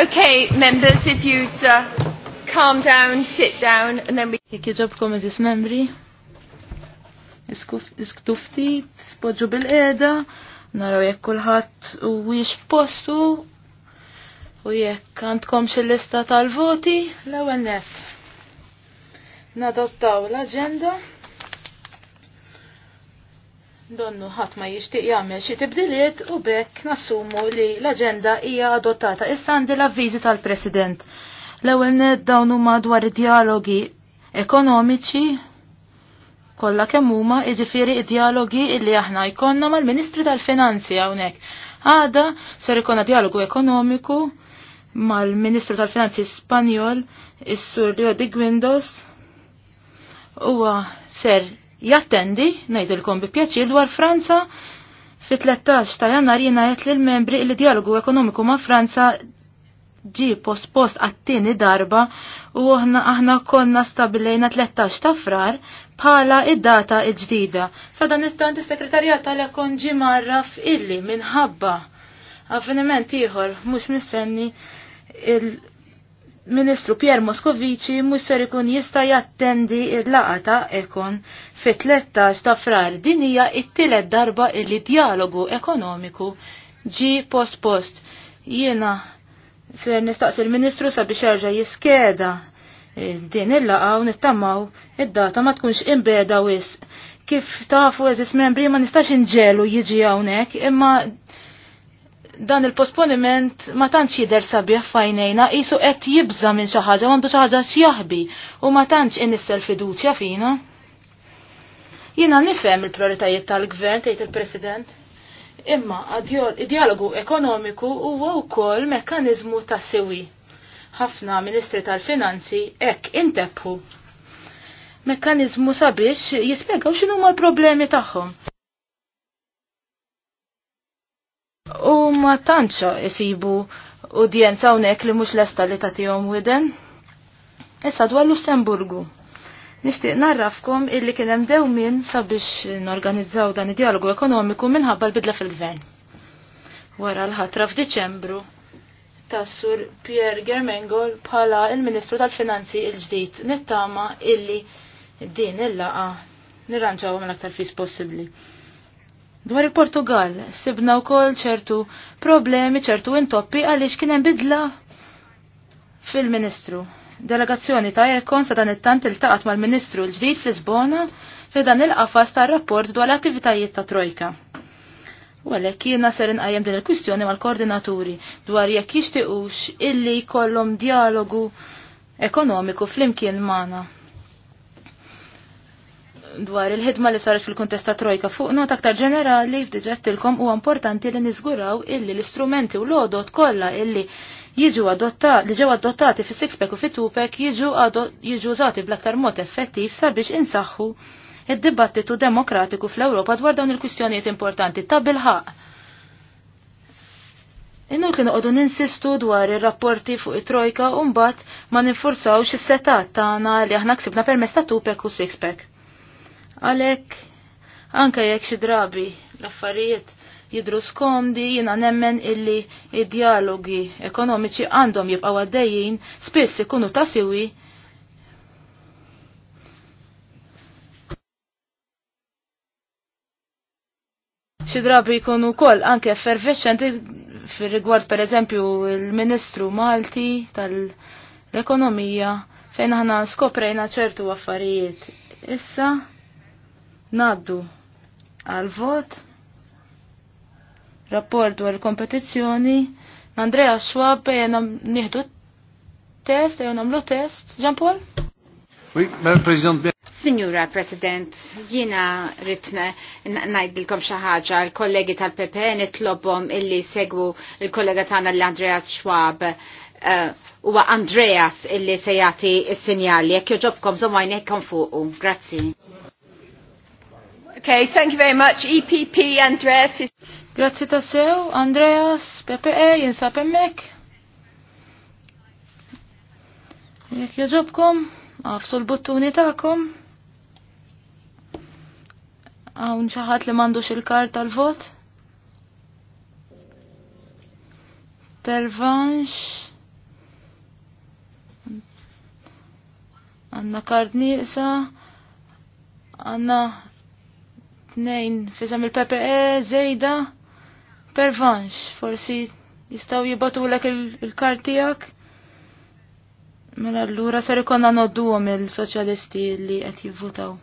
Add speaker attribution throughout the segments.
Speaker 1: Okay, members, if you'd uh, calm down, sit down, and then we... Jek jġobkom eżis membri, iskuftit, podġu bil-eda, naraw jekk kulħadd u wiex f'postu, u jekk għandkom xil-lista tal-voti, l-ewwel net. Nadottaw l-agenda donnu ħadd ma jixtieq jagħmel xi tibdiliet u bekk nassumu li l-aġenda hija adottata. Issa għandi l-avviżi tal-President. L-ewwel ned dawn huma dwar dialogi ekonomiċi kollha kemm huma jiġifieri dialogi illi aħna jkollna mal-Ministri tal-Finanzi hawnhekk. Għada ser ikonna dialogu ekonomiku mal-Ministru tal-Finanzi Spanjol, is-Sur Leo de Guindos, huwa ser jattendi, ngħidilkom bi pjaċir dwar Franza, fi 13 ta' jannar jett li l membri li dialogu ekonomiku ma' Franza ġi post-post għattini darba u aħna konna stabilejna 13 ta' frar bħala id-data ġdida. Sadan it-tant is-sekretarjat tal-ekon ġi marra f'illi minħabba avveniment ieħor mhux mistenni Ministru Pier Moskovici musser ikun jista' jattendi l laqata ta' Ekon fit-13 ta' frar din hija t-tielet darba li dialogu ekonomiku ġi post post. Jiena ser nistaqsi l-Ministru sabiex jerġa' jiskeda eh, din il-laqa u nittamaw id-data ma tkunx imbeda wis. Kif tafu eżis membri ma nistax inġelu jiġi hawnhekk imma dan il-posponiment ma tantx jidher sabiħ fajnejna qisu qed jibża minn xi ħaġa għandu xi ħaġa x'jaħbi u ma tantx inissel fiduċja fina. Jiena nifhem il-prioritajiet tal-gvern tgħid il-President. Imma id-dialogu ekonomiku huwa wkoll mekkaniżmu ta' sewi. Ħafna Ministri tal-Finanzi hekk intebħu. mekkaniżmu sabiex jispjegaw x'inhuma l-problemi tagħhom. U ma tantxa isibu udjenza hawnhekk li mhux lesta li jom widen. Issa dwar Lussemburgu. Nixtieq narrafkom illi kien hemm dewmien sabiex norganizzaw dan id-dialogu ekonomiku minħabba l-bidla fil-gvern. Wara l-ħatra f'Diċembru tassur Pierre Germengol bħala il-Ministru tal-Finanzi il-ġdid nittama illi din il-laqa nirranġaw mill aktar fis possibbli. Dwar il-Portugal, sibna wkoll ċertu problemi, ċertu intoppi għaliex kien hemm bidla fil-Ministru. Delegazzjoni ta' Ekon sa dan it-tant iltaqat mal-Ministru l-ġdid fl isbona fi dan il-qafas tar rapport dwar l-attivitajiet ta' Trojka. U għalhekk jiena ser inqajjem din il-kwistjoni mal-koordinaturi dwar jekk jixtiequx illi jkollhom dialogu ekonomiku flimkien magħna dwar il-ħidma li saret fil-kontesta trojka fuq not aktar ġenerali ilkom u importanti li niżguraw illi l-istrumenti u l-odot kollha illi jiġu li ġew adottati fis sixpack u fit tupek jiġu jiġu użati bl-aktar mod effettiv sabiex insaħħu id-dibattitu demokratiku fl-Ewropa dwar dawn il-kwistjonijiet importanti ta' bilħaq. Innu li noqogħdu ninsistu dwar ir-rapporti fuq it-trojka u mbagħad ma ninforzawx is-setat tagħna li aħna ksibna permess ta' tupek u sixpack. Għalek, anka jekk xi drabi l-affarijiet jidru skomdi jina nemmen illi id-dialogi ekonomiċi għandhom jibqaw għaddejjin spiss ikunu tasiwi xi drabi jkunu wkoll anke effervescenti fir rigward pereżempju il-Ministru Malti tal-Ekonomija fejn aħna skoprejna ċertu affarijiet. Issa Naddu għal vot rapport dwar kompetizzjoni Andrea Schwab jenom nieħdu test, jenom lu test. Jean-Paul?
Speaker 2: Oui, Madame President. Signora President, jina ritna najdilkom xaħġa l-kollegi tal-PP nitlobom illi segwu l-kollega tana l Andreas Schwab u uh, Andreas illi sejati s-sinjali, jekk joġobkom zomajnek kon fuqu. Grazzi.
Speaker 1: Okay, thank you very much. EPP, Andreas. Is... Grazzi ta' Andreas, PPE, jinsab emmek. Jek joġobkom, għafsu l-buttuni ta'kom. Għawn xaħat li mandux il-kart tal-vot. Pervanx. Għanna kard nisa. Għanna Tnejn fisem il-PPE zejda pervanx. Forsi jistaw jibatu l il-kartijak. Mela l-lura ser ikonna noddu għom il-soċjalisti li qed jivvutaw.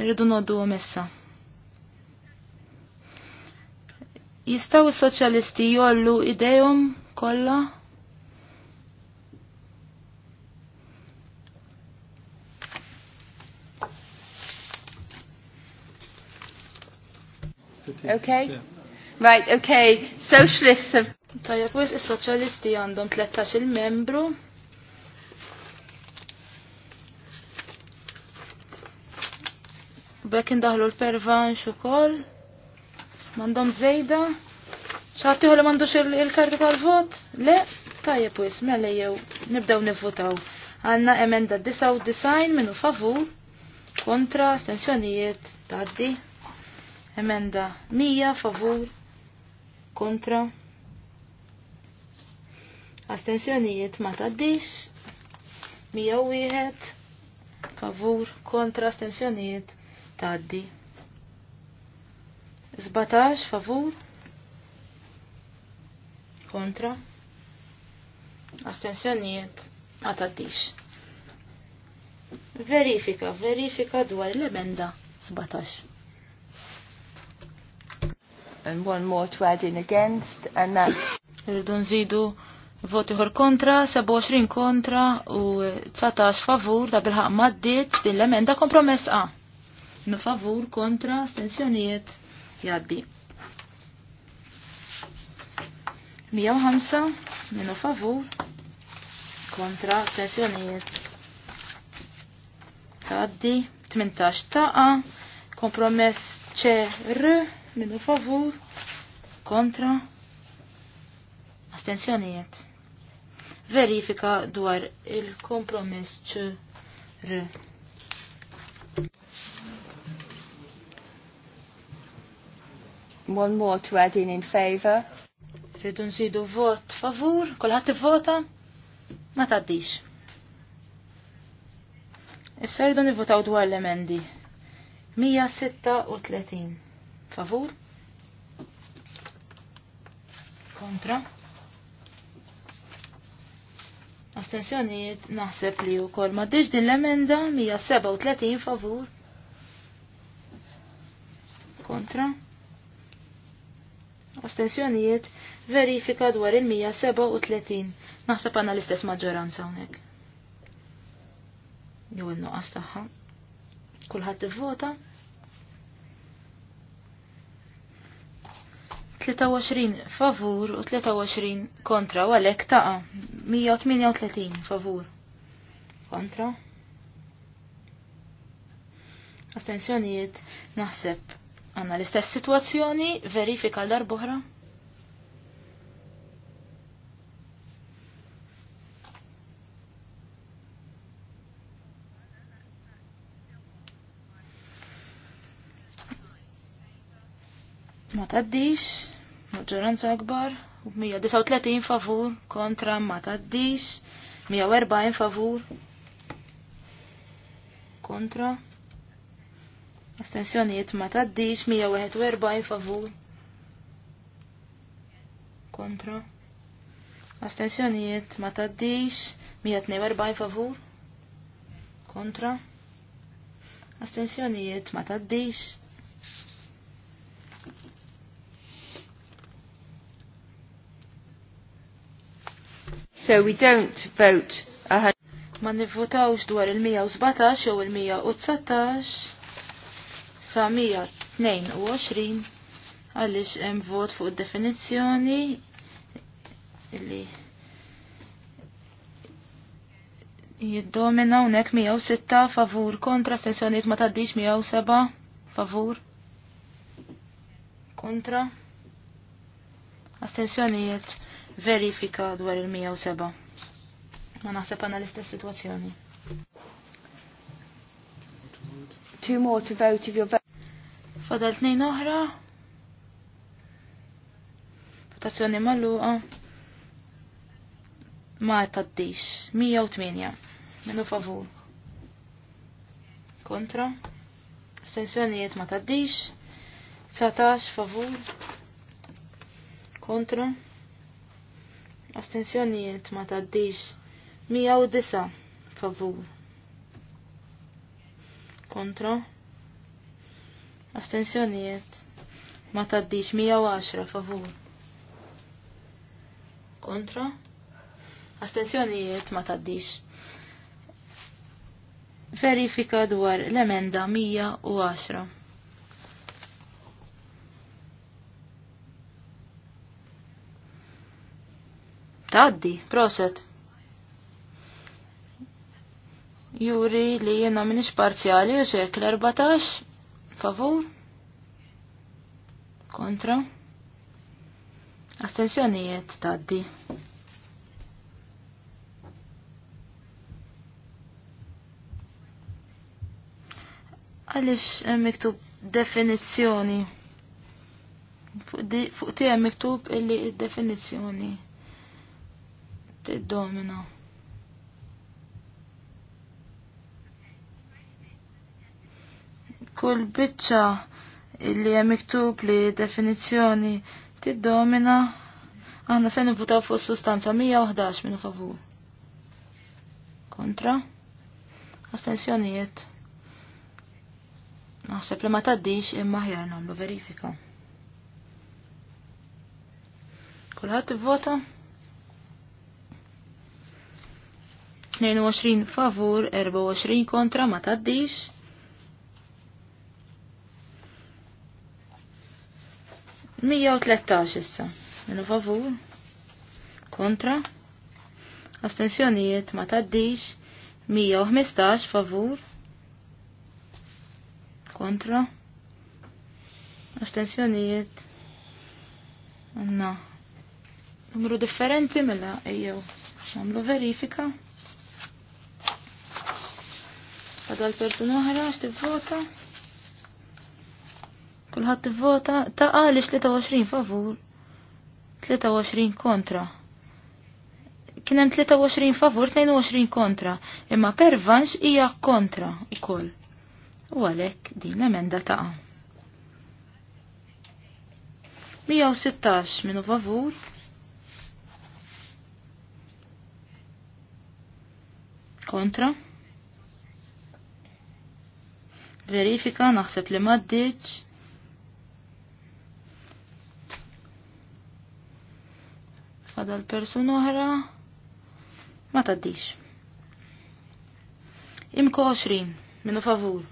Speaker 1: Rridu noddu għom issa. Jistaw il-soċjalisti jollu idejhom kollha? Okay? Right, okay. Socialists have... Tajab, wis il socialisti għandhom 13 il-membru. Bekk indaħlu l-pervanx u koll. Mandom zejda. għu li mandux il-karti tal-vot? Le, tajab wis, mele jew nibdew nivvotaw. Għanna emenda 99 minu favur kontra stensjonijiet taddi. Emenda 100 favur kontra astensjonijiet ma taddix 101 favur kontra astensjonijiet taddi 17 favur kontra astensjonijiet ma taddix Verifika, verifika dwar l-emenda 17 and one more to add in against and that Irridu nżidu voti ħor kontra, 27 kontra u 19 favur da bilħaq maddiċ din l-emenda kompromess A. Nu favur kontra stensjonijiet jaddi. 105 minu favur kontra stensjonijiet Taddi 18 taqa kompromess ċerru minu favur, kontra, astensjonijiet. Verifika dwar il-kompromiss ċr.
Speaker 3: One more to add in in favor.
Speaker 1: Rridu nżidu vot favur, kolħat vota, ma taddix. Issa rridu nivvotaw dwar l-emendi. 136 favur kontra astensjonijiet naħseb li u kol maddiġ din l-emenda 137 favur kontra Astensjoniet verifika dwar il-137 naħseb għanna l-istess maġġoranza hawnhekk jew innuqas tagħha kulħadd ivvota. vota 23 favur u 23 kontra u għalek taqa 138 favur kontra Astenzjonijiet naħseb għanna l-istess situazzjoni verifika l-darbohra ma taddix maġġoranza akbar, 139 favur kontra ma taddix, 140 favur kontra. Astensjonijiet ma taddix, 141 favur kontra. Astensjonijiet ma taddix, 142 favur kontra. Astensjonijiet ma taddix, So we don't vote Ma nivvotawx dwar il-117 jew il-119 sa 122 għaliex hemm vot fuq id-definizzjoni li jiddomina unek 106 favur kontra stensjoniet ma taddix 107 favur kontra astensjonijiet verifika dwar il-107. Ma naħseb għandna l-istess sitwazzjoni. Two more to vote if you're voting. Fadal tnejn oħra. Votazzjoni mal-luqa. Ma taddix. 108. Minu favur. Kontra. Stenzjonijiet ma taddix. 19 favur. Kontra astensjonijiet ma taddix 109 favur kontra astensjonijiet ma taddix 110 favur kontra astensjonijiet ma taddix verifika dwar l-emenda 110 tgħaddi, proset. Juri li jiena minix parzjali u xek l-14, favur, kontra, astensjonijiet taddi. Għalix miktub definizzjoni, fuq ti miktub illi definizzjoni tiddomina. Kull biċċa li hemm miktub li definizzjoni tiddomina aħna se nivvutaw fuq sustanza 111 minn favur. Kontra? Astensjonijiet. Naħseb li ma taddix imma ħjar nagħmlu verifika. Kulħadd ivvota? vota 22 favur, 24 kontra ma taddix. Mija u tlettax issa. Minu favur. Kontra. Astensjonijiet ma taddix. Mija u favur. Kontra. Astensjonijiet. Anna. Numru differenti mela ejjew. Namlu verifika. Għadal persuna oħra għax Kullħat Kulħadd tivvota ta' għalix 23 favur, 23 kontra. Kien hemm 23 favur, 22 kontra, imma pervanx hija kontra koll. U għalhekk din l-emenda taqa. 116 minu favur, kontra. Verifika naħseb li maddiċ. Fadal persuna oħra ma taddiċ. Imko 20 minu favur.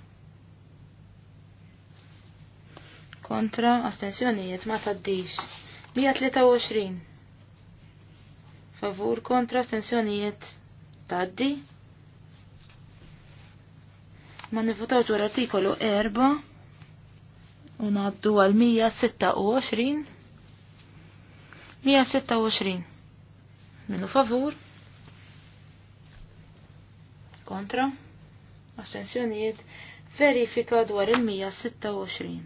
Speaker 1: Kontra astensjonijiet ma taddix. 123 favur kontra astensjonijiet taddi ma nivvotaw dwar artikolu 4 u ngħaddu għal 126 126 minu favur kontra astensjonijiet verifika dwar il-126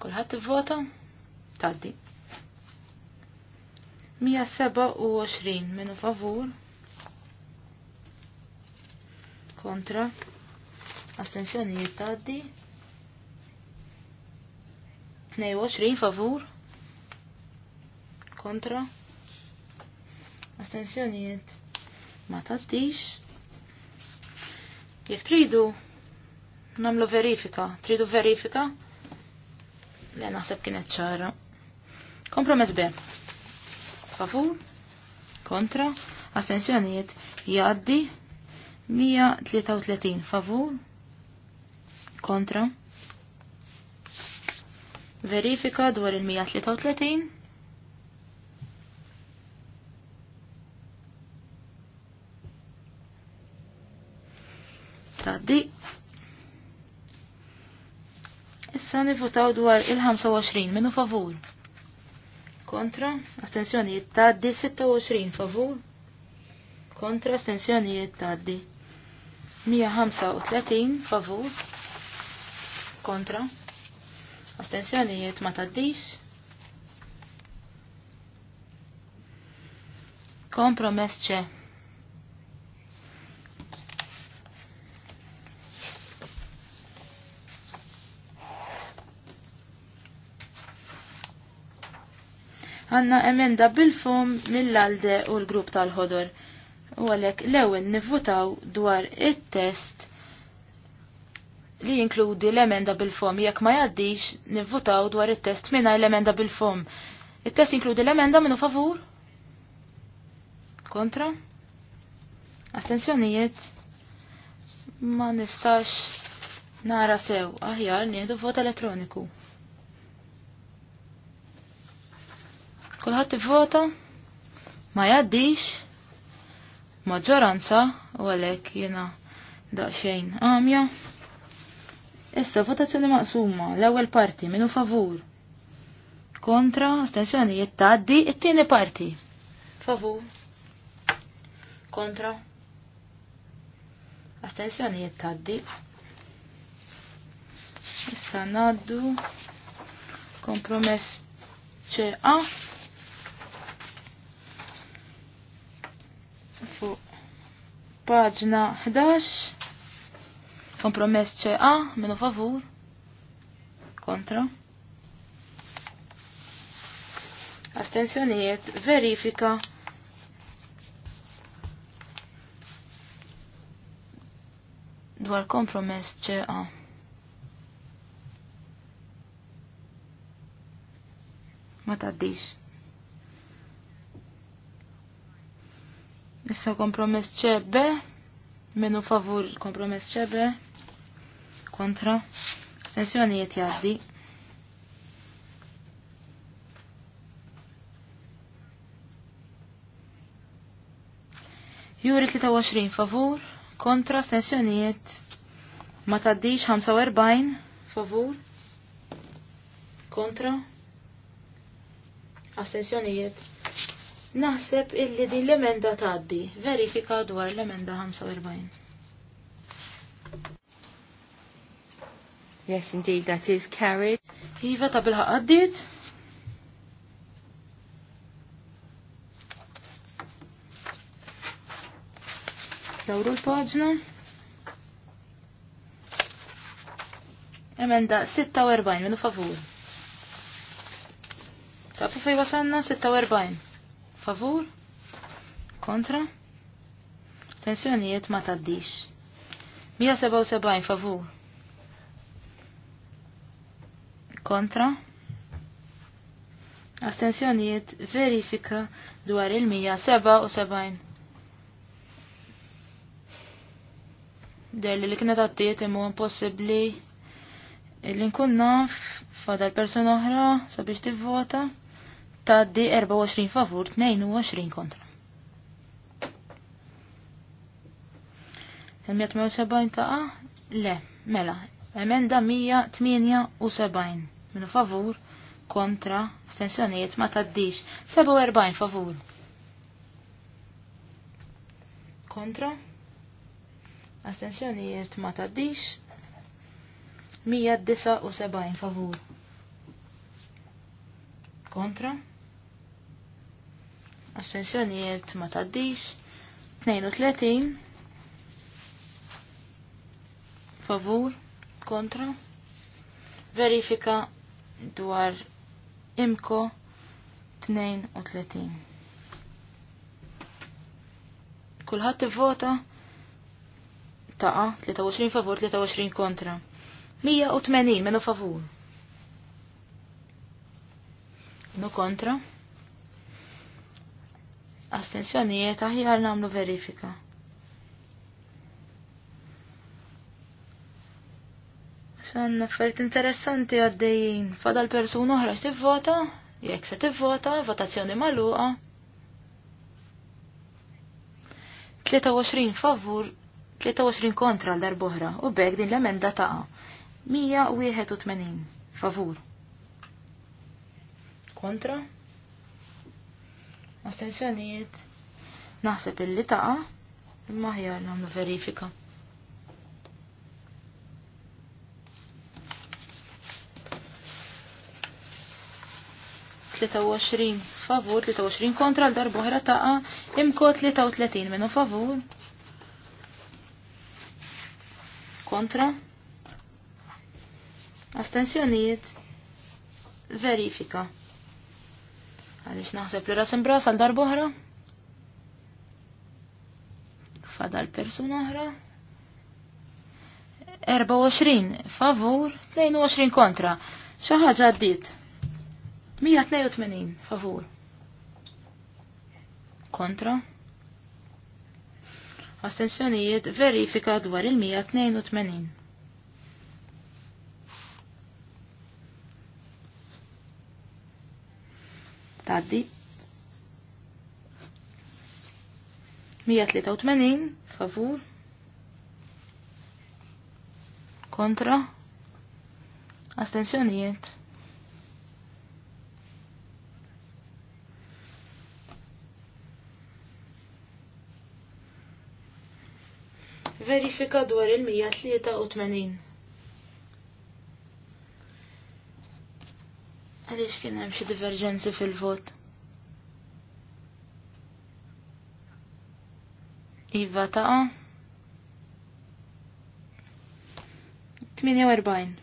Speaker 1: kulħadd ivvota Taddi. 127 minu favur kontra astensjonijiet taddi 22 favur kontra astensjonijiet ma taddix jek tridu namlu verifika tridu verifika le naħseb kienet ċara kompromess B favur kontra astensjonijiet jaddi 133 favur kontra verifika dwar il-133 taddi issa nifutaw dwar il-25 minu favur kontra astensjonijiet taddi 26 favur kontra astensjonijiet taddi 135 favur kontra jiet ma taddis kompromess ċe għanna emenda bil-fum mill-alde u l-grupp tal-ħodor. U għalek l-ewel nivvutaw dwar it-test li jinkludi l-emenda bil-fom. Jekk ma jaddix, nivvutaw dwar it-test minna l-emenda bil-fom. Il-test jinkludi l-emenda minnu favur? Kontra? Astenzjonijiet? Ma nistax nara sew. Aħjar, nieħdu vot elettroniku. Kulħadd ivvota? Ma jaddix? maġġoranza u għalhekk jiena daqsxejn għamja. Issa votazzjoni maqsuma l-ewwel parti minu favur. Kontra astensjonijiet tgħaddi it-tieni parti. Favur. Kontra. Astensjonijiet jittaddi. Issa ngħaddu kompromess ċeqa. Paġna 11. Kompromess ċeqa, minu favur. Kontra. Astensjoniet, verifika. Dwar kompromess ċeqa. Ma taddix. Issa kompromess ċebbe. Menu favur kompromess ċebbe. Kontra. Astensjonijiet jaddi. Juri 23 favur. Kontra astensjonijiet. Ma taddix 45 favur. Kontra. Astensjonijiet. Naħseb illi din l-emenda taddi. Verifika dwar l-emenda 45. Yes, indeed, that is carried. Iva ta' bilħa għaddit. Dawru l-pagġna. Emenda 46 minu favur. Ta' fej wasanna 46 favur, kontra, tensjonijiet ma taddix. 177 favur, kontra, astensjonijiet verifika dwar il-177. Der li kienet għattiet imu impossibli li nkun naf fadal persona oħra sabiex tivvota. vota taddi 24 favur 22 kontra. il ta' A? Le, mela. Emenda 178 minu favur kontra stensjoniet ma taddix 47 favur. Kontra? Astensjoniet ma taddix 179 favur. Kontra? astensjonijiet ma taddix 32 favur kontra verifika dwar imko 32 kulħadd ivvota taqa 23 favur 23 kontra 180 menu favur. No kontra astensjonijiet aħjar namlu verifika. Xan affarijiet interessanti għaddejjin. Fadal persuna oħra tivvota, jekk se tivvota, votazzjoni magħluqa. 23 favur, 23 kontra l darboħra u bek din l-emenda taqa. 181 favur. Kontra? astensjonijiet naħseb illi taqa imma ħjar nagħmlu verifika. Tlieta favur, 23 kontra l-darbohra taqa, imko tletin minnu favur. Kontra. Astensjonijiet. Verifika. Għalix naħseb li rasim bras għal darboħra. Fadal persuna oħra. 24 favur, 22 kontra. ħaġa għaddit. 182 favur. Kontra. Astensjonijiet verifika dwar il-182. taddi. 183 favur kontra astensjonijiet verifika dwar il-183 Għaliex kien hemm xi diverġenzi fil-vot. Iva ta' 48.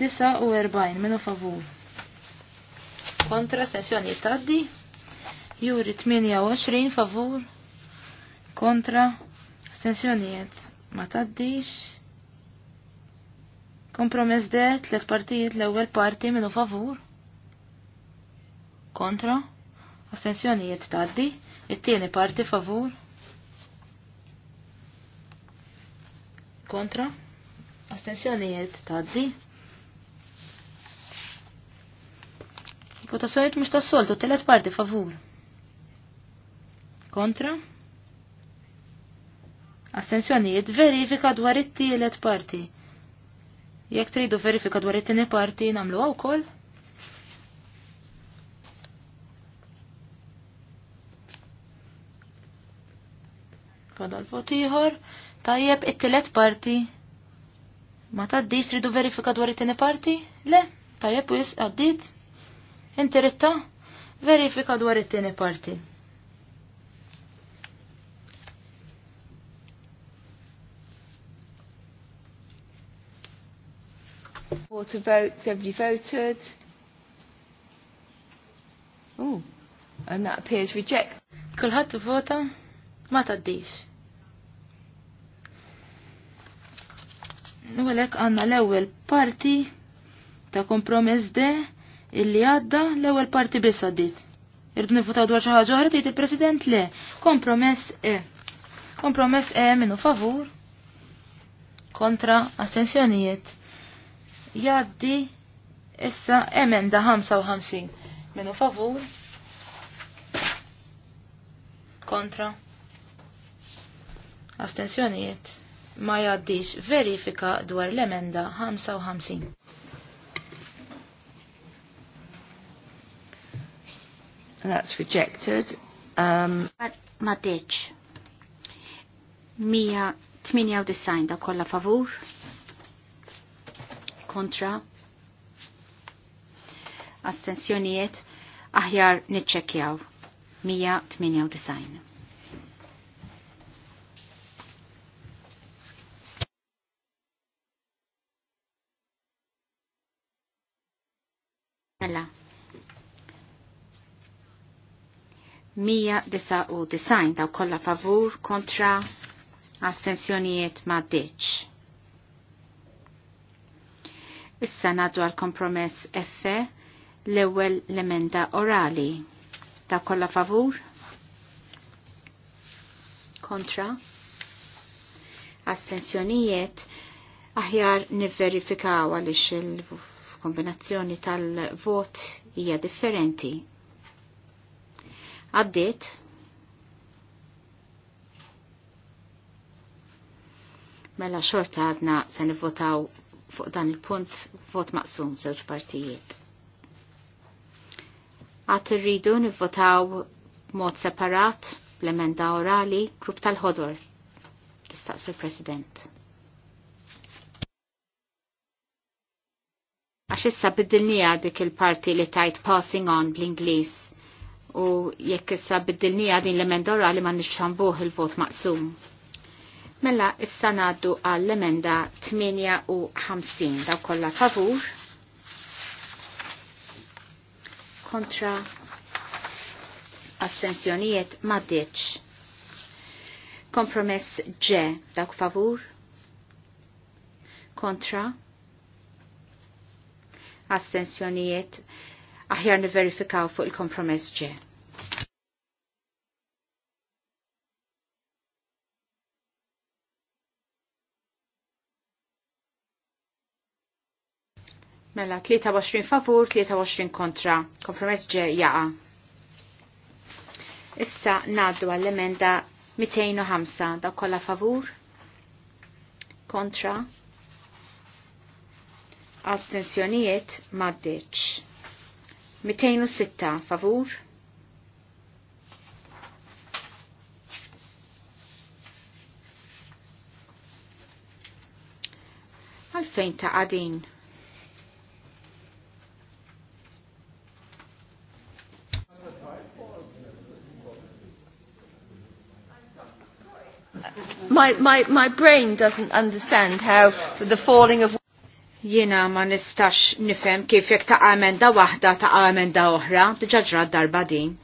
Speaker 1: Disa u erbajn, minu favur. Kontra sessjoni taddi. Juri 28 favur. Kontra Astensjonijiet ma taddix. Kompromess de tliet partijiet l-ewwel parti minnu favur. Kontra. Astensjonijiet taddi. It-tieni parti favur. Kontra. Astensjonijiet taddi. Votazzjoniet mhux tas-soltu, telet parti favur. Kontra? Astenzjonijiet verifika dwar it-tielet parti. Jekk tridu verifika dwar it-tieni parti nagħmluha wkoll. Fadal vot ieħor. Tajjeb it-tielet parti. Ma taddix tridu verifika dwar it-tieni parti? Le, tajjeb wis għaddit. Inti Verifika dwar it-tieni parti.
Speaker 3: Quarter votes, everybody voted.
Speaker 1: Oh, and that appears reject. Kulħadd vota ma taddix. Nwelek għanna l-ewwel parti ta' kompromess de illi għadda l-ewwel parti biss għaddit. Irdu nifutaw dwar xi ħaġa oħra il-President le. Kompromess E. Kompromess E minu favur kontra astensjonijiet jaddi issa emenda 55 Menu favur kontra astensjonijiet ma jaddix verifika dwar l-emenda 55.
Speaker 3: That's rejected. Um,
Speaker 2: ma deċ. 98 da kolla favur kontra astensjonijiet aħjar niċċekjaw 198. Mela. 199 daw kollha favur kontra astensjonijiet ma' deċ. Issa naddu għal kompromess F l-ewwel l-emenda orali. Ta' kolla favur? Kontra? Astenzjonijiet aħjar nivverifikaw għaliex il-kombinazzjoni tal-vot hija differenti. Għaddit? mela xorta għadna se nivvotaw fuq dan il-punt vot maqsum żewġ partijiet. Għat irridu nivvotaw mod separat bl-emenda orali grupp tal-ħodor tistaqsi president Għax issa biddilnija dik il-parti li tajt passing on bl-Inglis u jekk issa biddilnija din l-emenda orali ma nixxambuħ il-vot maqsum. Mela issa naddu għall-emenda 58 daw kollha favur kontra astensjonijiet maddeċ. Kompromess ġe dak favur kontra astensjonijiet aħjar niverifikaw fuq il-kompromess ġe.
Speaker 1: Mela 23 favur,
Speaker 2: 23 kontra. Kompromess ġe jaqa. Issa naddu għall-emenda 205 da kolla favur. Kontra. Astensjonijiet maddeċ. 206 favur. Għalfejn ta' għadin.
Speaker 3: my, my, my brain doesn't understand
Speaker 2: how the falling of... Jiena ma nistax nifem kif jek ta' amenda wahda ta' amenda oħra, diġaġra darba din.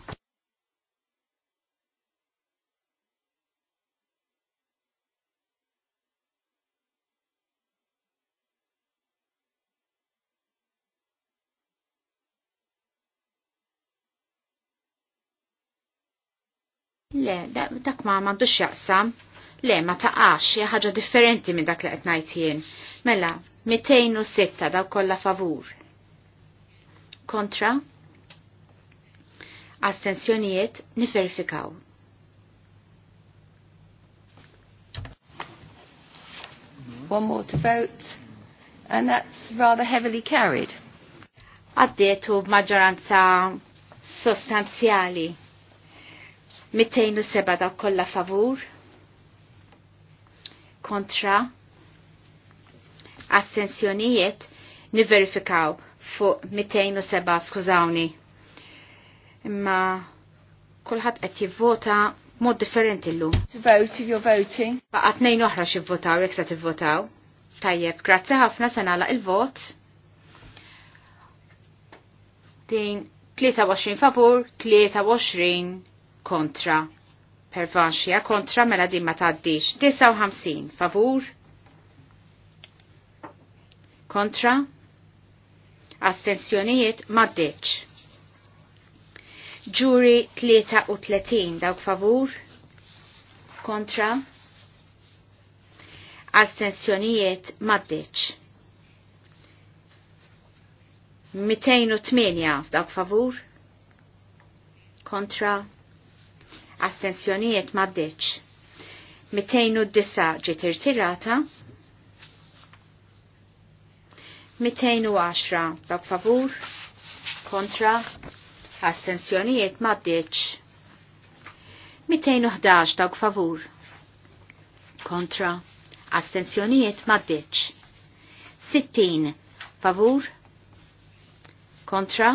Speaker 2: Le, dak ma mandux jaqsam. Le, ma taqax, hija ħaġa differenti minn dak li qed ngħid jien. Mela, 206 daw kollha favur. Kontra? Astensjonijiet niferifikaw.
Speaker 3: One more to vote, and that's rather heavily carried.
Speaker 2: Għaddietu b'maġġoranza sostanzjali. 207 daw kollha favur kontra assenzjonijiet niverifikaw fuq 207 skużawni. Imma kulħadd qed jivvota mod differenti llum.
Speaker 3: To vote if you're voting.
Speaker 2: Baqa' tnejn oħra x'ivvotaw jekk se tivvotaw. Tajjeb, grazzi ħafna se nagħlaq il-vot. Din 23 favur, 23 kontra. Pervanxja kontra mela din ma taddix. 59 favur. Kontra. Astensjonijiet ma ddeċ. Ġuri 33 dawk favur. Kontra. Astensjonijiet ma ddeċ. 208 dawk favur. Kontra astensjonijiet maddiċ. 209 ġiet irtirata. 210 dak favur kontra astensjonijiet maddiċ. 211 dak favur kontra ma bdeċ. 60 favur kontra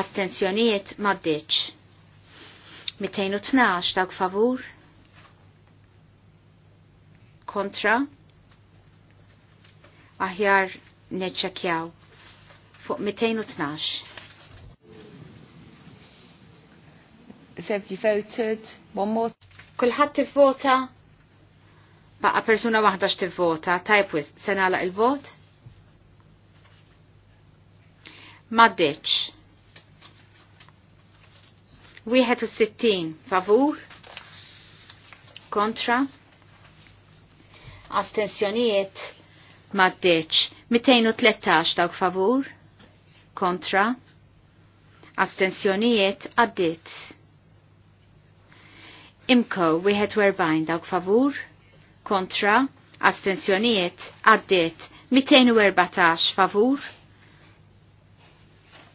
Speaker 2: astensjonijiet deċ. 212 dawk favur kontra aħjar neċċekjaw fuq 212. Sefti voted, one more. Kulħadd tivvota? Baqa persuna waħda x'tivvota, tajb wis se il-vot? Maddeċ. 61 favur kontra astensjonijiet maddeċ 213 dawk favur kontra astensjonijiet għaddit imko 41 dawk favur kontra astensjonijiet għaddit 214 favur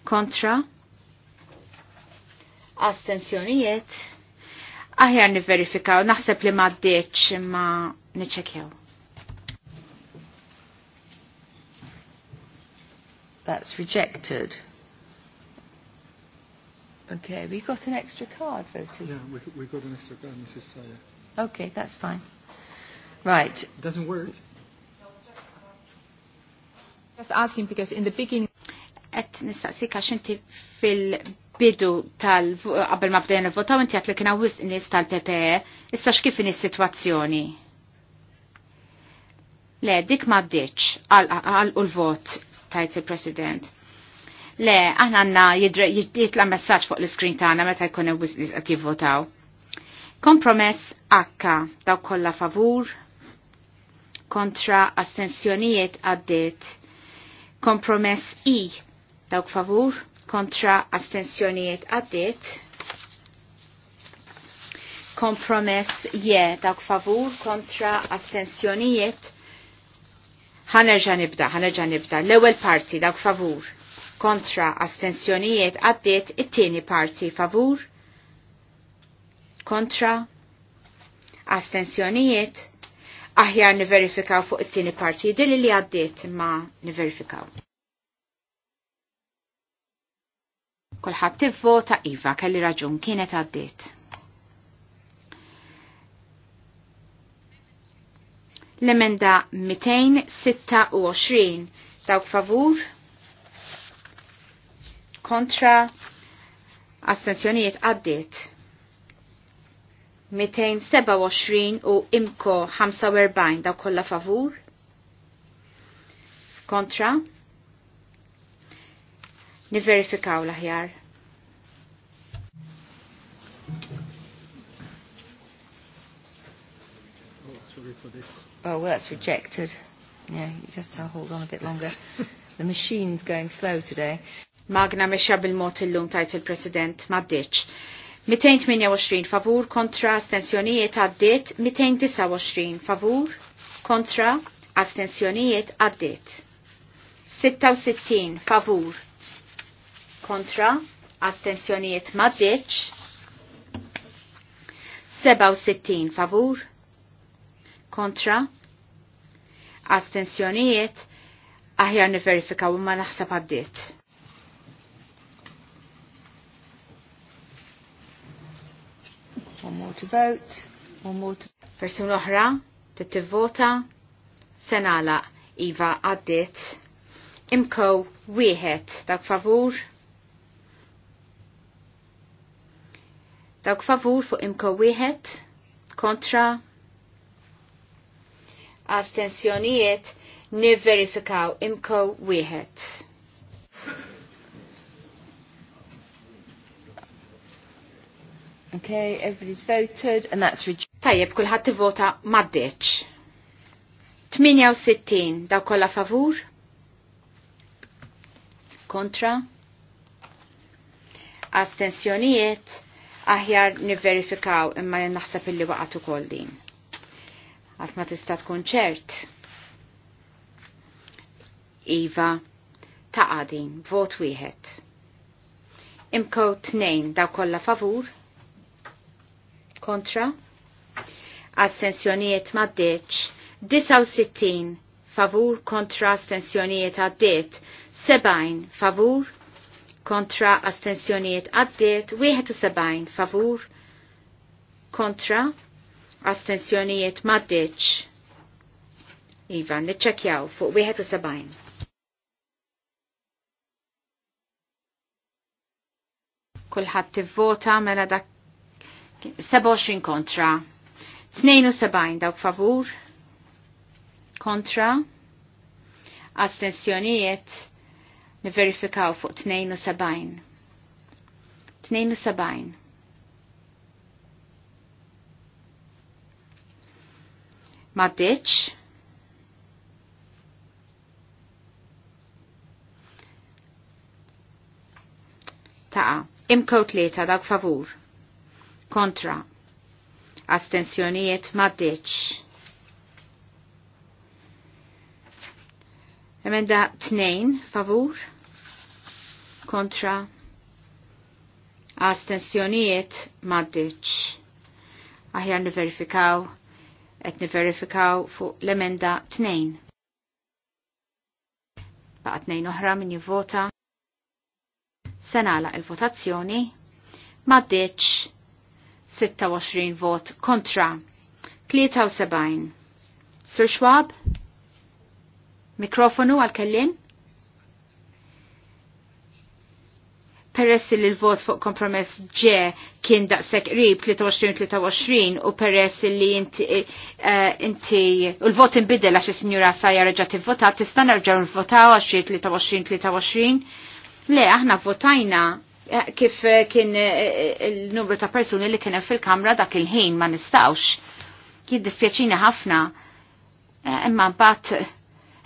Speaker 2: kontra astensjonijiet, aħjar niverifikaw, naħseb li maddeċ ma niċekjaw.
Speaker 3: That's rejected. Okay, we got an extra card voted. Yeah, we,
Speaker 1: we got an extra card, Mrs. Sayer.
Speaker 2: Okay, that's
Speaker 3: fine. Right. It doesn't work.
Speaker 2: Just asking because in the beginning... Et nistaqsik għax inti fil bidu tal qabel ma bdejna votaw inti għat li kien wisq tal-PPE, issa x'kif in is-sitwazzjoni? Le, dik ma bdiċ għal u l-vot tajt il-President. Le, aħna għanna jitla messaċ fuq l-screen tagħna meta jkun hemm wisq għati qed jivvotaw. Kompromess H, daw kollha favur, kontra astensjonijiet għaddit. Kompromess I, dawk favur, kontra astensjonijiet għaddit. Kompromess je dak favur kontra astensjonijiet. Ħanerġa nibda, ħanerġa nibda. L-ewwel parti dak favur kontra astensjonijiet għaddit it-tieni parti favur kontra astensjonijiet aħjar niverifikaw fuq it-tieni parti din li għaddiet ma niverifikaw. Kulħadd tivvota iva kelli raġun kienet għaddiet. L-emenda 226 dawk favur kontra astensjonijiet għaddiet. 227 u imko 45 dawk kolla favur. Kontra, niverifikaw l-aħjar.
Speaker 3: Oh, well, that's rejected. Yeah, you just have to hold on a bit longer. The machine's going slow today.
Speaker 2: Magna meċa bil-mot il-lum tajt il-President, ma' ditx. 228 favur kontra astensjonijiet għaddit, 229 favur kontra astensjonijiet għaddit. 66 favur kontra, astensjonijiet maddiċ, 67 favur, kontra, astensjonijiet, aħjar niverifikaw ma naħseb għaddit. One more to vote, one more to... Person oħra, t-tivvota, senala, Iva għaddit, imkow wieħed dak favur, Dawk favur fuq imko wieħed kontra astensjonijiet niverifikaw imko wieħed. Okay, everybody's voted and that's rejected. Tajjeb, kulħadd tivvota maddeċ. 68 daw kollha favur? Kontra? Astensjonijiet? aħjar nivverifikaw imma naħseb illi waqgħet ukoll din. Għat ma tista' tkun ċert. Iva, taqadin, vot wieħed. Imko tnejn daw kollha favur? Kontra? Astensjonijiet ma' deċ. 69 favur kontra astensjonijiet għaddiet, 70 favur kontra astensjoniet għaddiet 71 favur kontra astensjonijiet maddiċ. Ivan, niċċekjaw fuq 71. Kulħadd tivvota mela dak 27 kontra. 72 dawk favur kontra astensjonijiet niverifikaw fuq 72. 72. Ta' imkot li ta' dak favur. Kontra. Astensjonijiet maddiċ. Emenda 2 favur kontra astensjonijiet maddiċ. Aħjar niverifikaw, et niverifikaw fuq l-emenda 2. Baqa 2 oħra min jivvota. Senala il-votazzjoni maddiċ 26 vot kontra 73. Sir Schwab? Mikrofonu għal-kellim? Peress li l-vot fuq kompromess ġe kien daqsek rib 23-23 u peress li inti u l-vot imbidel għax sinjura Sajja reġa t-vota, tista' nerġaw votaw għax 23-23. Le, aħna votajna kif kien il-numru ta' persuni li kienem fil-kamra dak il-ħin ma nistawx. Kien dispjaċina ħafna, imma bat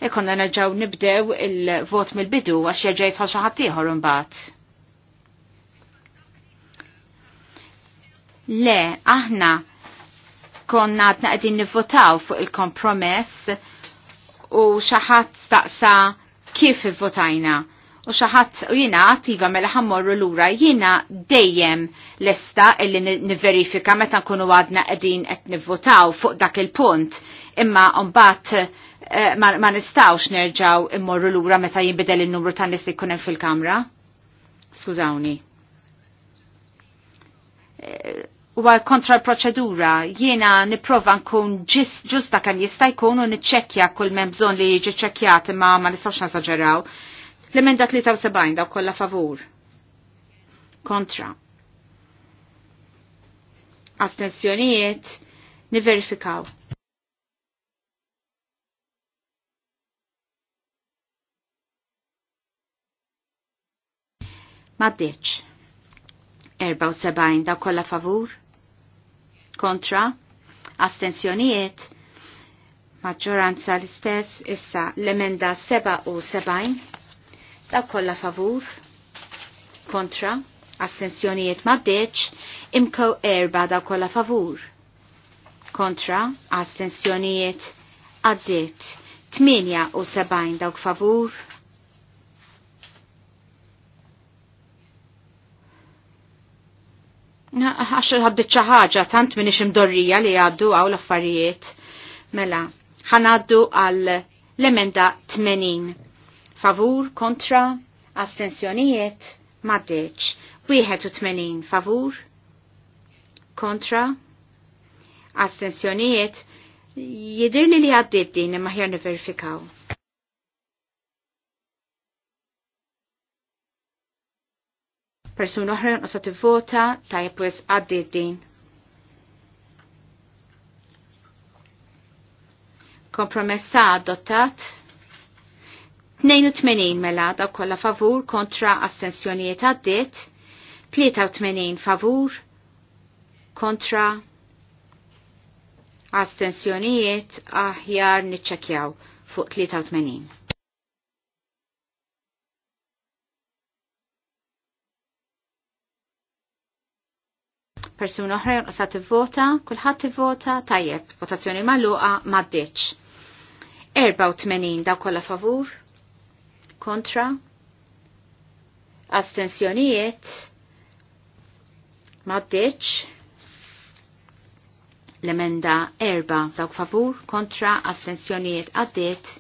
Speaker 2: ikonna nerġgħu nibdew il-vot mill-bidu għax jaġajt ħol xaħatiħor imbagħad. Le, aħna konna għadin nivvotaw fuq il-kompromess u xaħat staqsa kif votajna. U xaħat u jina attiva mela ħammorru l-ura jina dejjem l-esta illi niverifika meta nkunu għadna għedin qed nivvotaw fuq dak il-punt imma mbagħad eh, ma, nistawx nerġaw immorru l-ura meta jinbidel il-numru tan-nies li kunem fil-kamra. Skużawni huwa kontra l-proċedura. Jiena nipprova nkun ġusta kemm jista' jkun u niċċekkja kull membżon bżonn li jiġi ċekjat imma ma nistawx nasaġeraw. L-emenda 73 daw kolla favur. Kontra. Astensjonijiet niverifikaw. Ma' 74 da kolla favur kontra astenzjonijiet maġġoranza l-istess issa l-emenda 77 da kollha favur kontra astenzjonijiet maddeċ imko erba da kolla favur kontra astenzjonijiet għaddiet 78 dawk favur Għax ħaddit ħaġa tant minix imdorrija li għaddu għaw l-affarijiet. Mela, għaddu għal l-emenda 80. Favur, kontra, astensjonijiet, maddeċ. 81 favur, kontra, astensjonijiet, jidirni li għaddi din imma ħjar niverifikaw. verifikaw. Persuna oħra nqosa tivvota tajjeb wis għaddiet din. Kompromessa adottat. 82 mela daw kollha favur kontra astensjonijiet għaddit 83 favur kontra astensjonijiet aħjar niċċekjaw fuq 83. persuna oħra jonqosa tivvota, kulħadd tivvota, tajjeb, votazzjoni magħluqa m'għaddiċ. 84 daw kollha favur, kontra, astensjonijiet, m'għaddiċ. L-emenda erba' dawk favur, kontra, astensjonijiet għaddiet.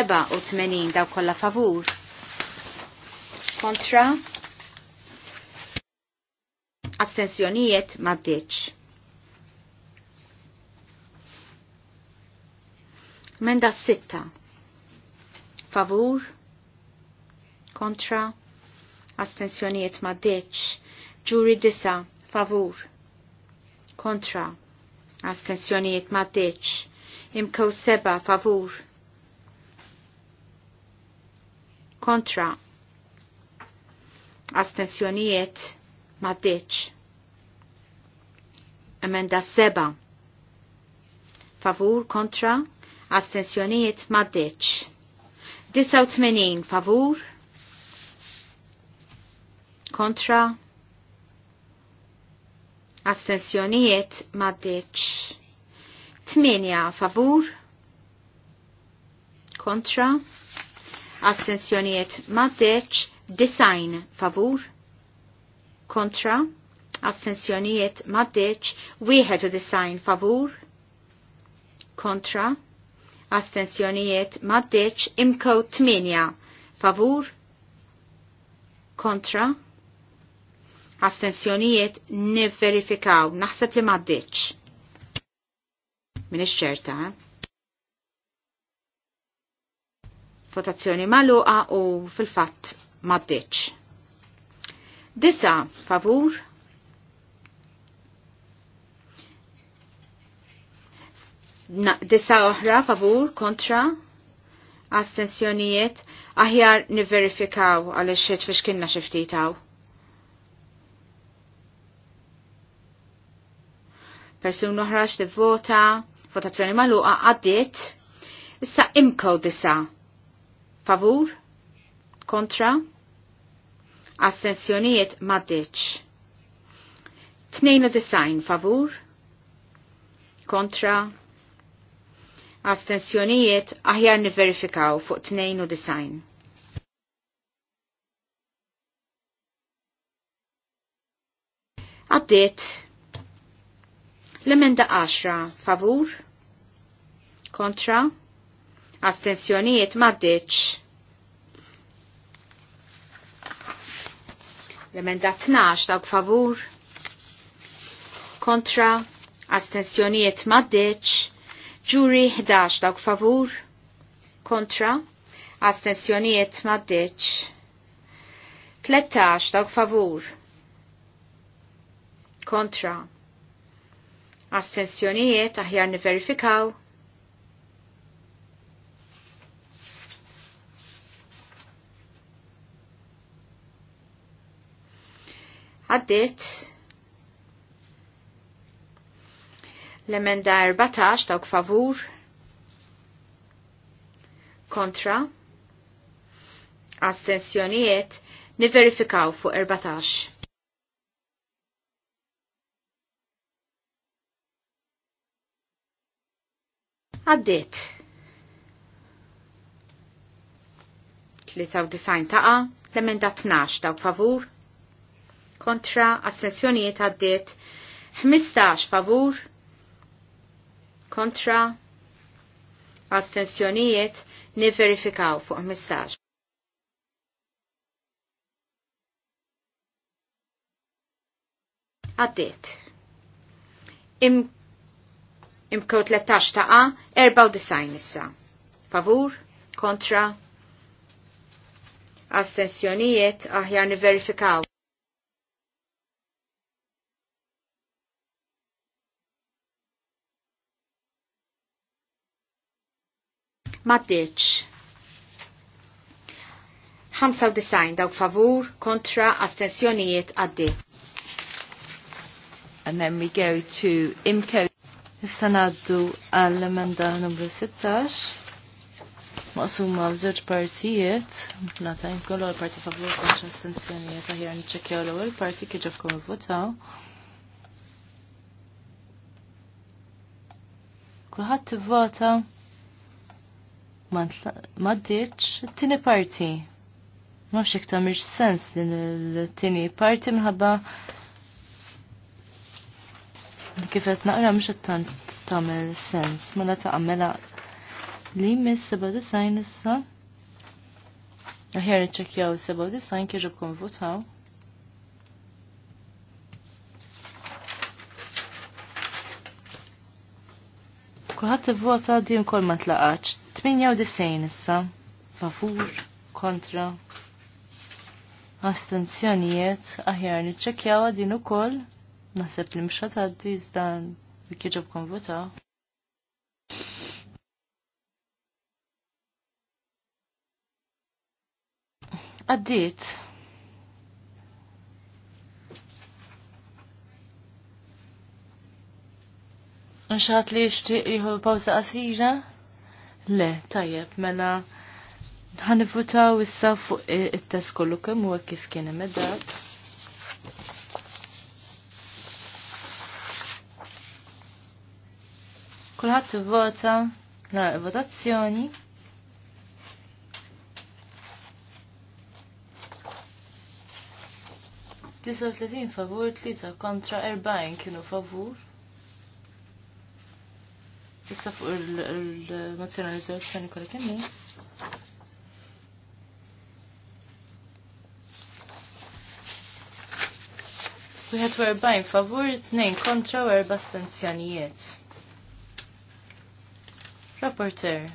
Speaker 2: 87 daw kollha favur, kontra, Assenzjonijiet maddiċ. Menda sitta. Favur. Kontra. ma maddeċ. Ġuri disa. Favur. Kontra. ma maddeċ. Imkow seba. Favur. Kontra. Astensjonijiet ma deċ. Emenda seba. Favur kontra astensjonijiet ma deċ. 89 favur kontra astensjonijiet ma deċ. 8 favur kontra astensjonijiet ma deċ. Design favur kontra, astensjonijiet maddeċ, 91 favur, kontra, astensjonijiet maddeċ, imko 8 favur, kontra, astensjonijiet nivverifikaw, naħseb li maddeċ. Min ċerta, eh? votazzjoni maluqa u fil-fatt maddeċ. Disa favur. Na, disa oħra favur kontra assenzjonijiet aħjar niverifikaw għal xieċ fiex kienna xiftitaw. Persun uħraċ li vota, votazzjoni maluqa għaddit, issa imkow disa. Favur? Kontra? Assenzjonijiet u 92 favur. Kontra. Astensjonijiet aħjar niverifikaw fuq 92. Għaddiet l-emenda 10 favur, kontra, astensjonijiet maddeċ. L-emenda 12 dawk favur kontra astensjonijiet maddeċ. Ġuri 11 dawk favur kontra astensjonijiet maddeċ. 13 dawk favur kontra astensjonijiet aħjar niverifikaw. Għaddit l-emenda 14 dawk favur kontra astensjonijiet niverifikaw fuq 14. Għaddit. 93 taqa, l-emenda 12 dawk favur kontra assenzjonijiet għaddiet 15 favur kontra astensjonijiet niverifikaw fuq 15. Għaddiet. Im, imkow 13 taqa, 94 issa. Favur, kontra, astensjonijiet aħjar niverifikaw. Maddeċ. 95 dawk favur kontra astensjonijiet
Speaker 3: għaddi. And then we go to IMCO. Issa għall-emenda numru 16 maqsuma żewġ partijiet, nata jinkollu l-parti favur kontra astenzjonijiet aħjar niċċekkjaw l-ewwel parti kif votaw. Kulħat t tivvota ma ddiċ tini parti. Ma fxek ta' mirx sens din il-tini parti minħabba kifet naqra mx tant tamel sens. Mela ta' għamela li mis design issa. Aħjar nċekjaw design kieġu kum votaw. Kulħat t-vota din kol ma t-laqaċ. 98 issa. Favur kontra astenzjonijiet aħjar niċċekjaw din ukoll naħseb li mxa tgħaddi iżda kieġob konvuta. Għaddiet. Nxat li jishtiq jihu pawza qasira? Le, tajjeb, mena ħanifutaw issa fuq it-test kollu kemm huwa kif kien imedat. Kulħadd ivvota nara votazzjoni. Tisa favur, tlita kontra, erbajn kienu favur. Issa fuq il-mozzjoni kollha kemm kemmi. Wieħed u erbajn favur, tnejn kontra u erba' stanzjonijiet. Rapporter,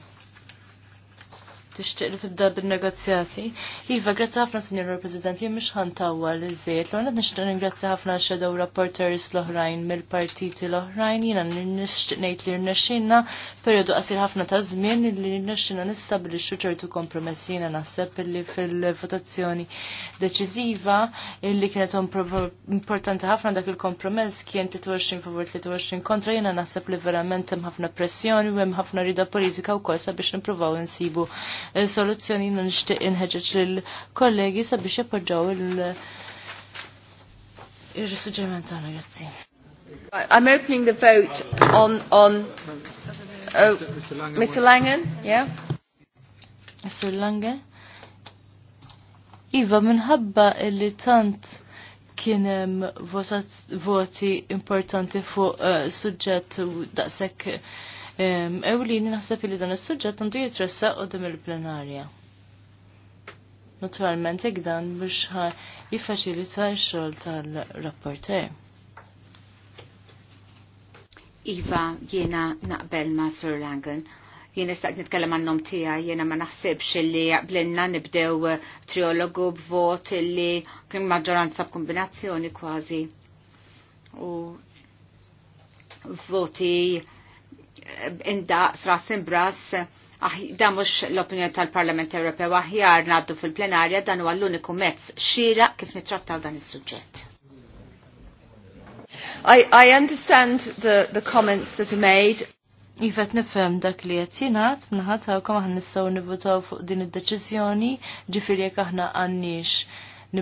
Speaker 3: tixtieq li tibda bin-negozjati. Iva, grazzi ħafna Sinjor President, jien mhux ħantawwa li żejt. Lorna nixtieq ningrazzja ħafna shadow rapporteris l-oħrajn mill-partiti l-oħrajn, jiena nixtieq ngħid li rnexxinna perjodu qasir ħafna ta' żmien li rnexxinna nistabilixxu ċertu kompromessi jiena naħseb illi fil-votazzjoni deċiżiva illi kienet importanti ħafna dak il-kompromess kien 23 favur 23 kontra jiena naħseb li verament hemm ħafna pressjoni u hemm ħafna rida politika wkoll sabiex nippruvaw insibu soluzzjoni nixtieq inħeġġeġ lill-kollegi sabiex jappoġġaw il suġġerimenti tagħna grazzi. I'm opening the vote on on oh, Mr. Langen, yeah. Mr. Langen. Iva, minħabba illi tant kienem voti importanti fuq uh, suġġett daqshekk ewlini naħseb li dan is-suġġett għandu jitressaq qudiem il-plenarja. Naturalment hekk dan biex jiffaċilita x-xogħol tal-rapporter. Iva,
Speaker 2: jiena naqbel ma' Sir Langan. jien nistaq nitkellem għannom tiegħi jiena ma naħsibx li jaqblinna nibdew triologu b'vot li kien maġġoranza b'kombinazzjoni kważi. U voti inda sras imbras da mux l-opinjoni tal-Parlament Ewropew aħjar naddu fil-plenarja dan huwa l-uniku mezz xira kif nitrattaw dan is-suġġett.
Speaker 3: I, I understand the, the comments that are made. Ivet nifhem dak li qed jingħad minħadd hawnkom aħna nistgħu nivvutaw fuq din id-deċiżjoni ġifieri jekk aħna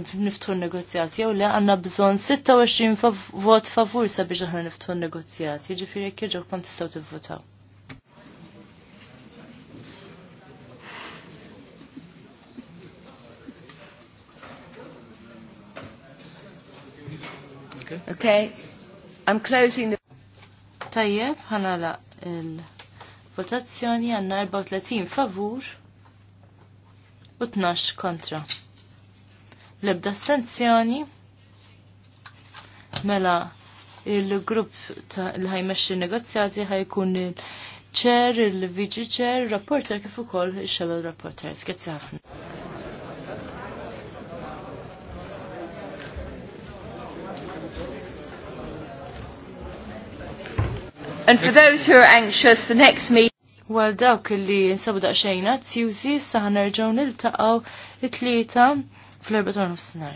Speaker 3: niftħu negozjati jew le għandna bżonn 26 vot favur sabiex aħna niftħu negozjati, jiġifieri jekk tistaw t tivvotaw. Okay, I'm closing the... Tajjeb, ħanala il-votazzjoni għanna 34 favur u 12 kontra. L-ebda sanzjoni mela il-grupp li ħajmexxi negozjati ħajkun il-ċer, il-viġi ċer, rapporter kif ukoll ix-xebel rapporter. Grazzi ħafna. And for those who are anxious, the next meeting. Well, dawk li nsabu daqxajna, t-tjużi saħnerġaw nil-taqaw it-tlieta fl-erba' nofsinhar.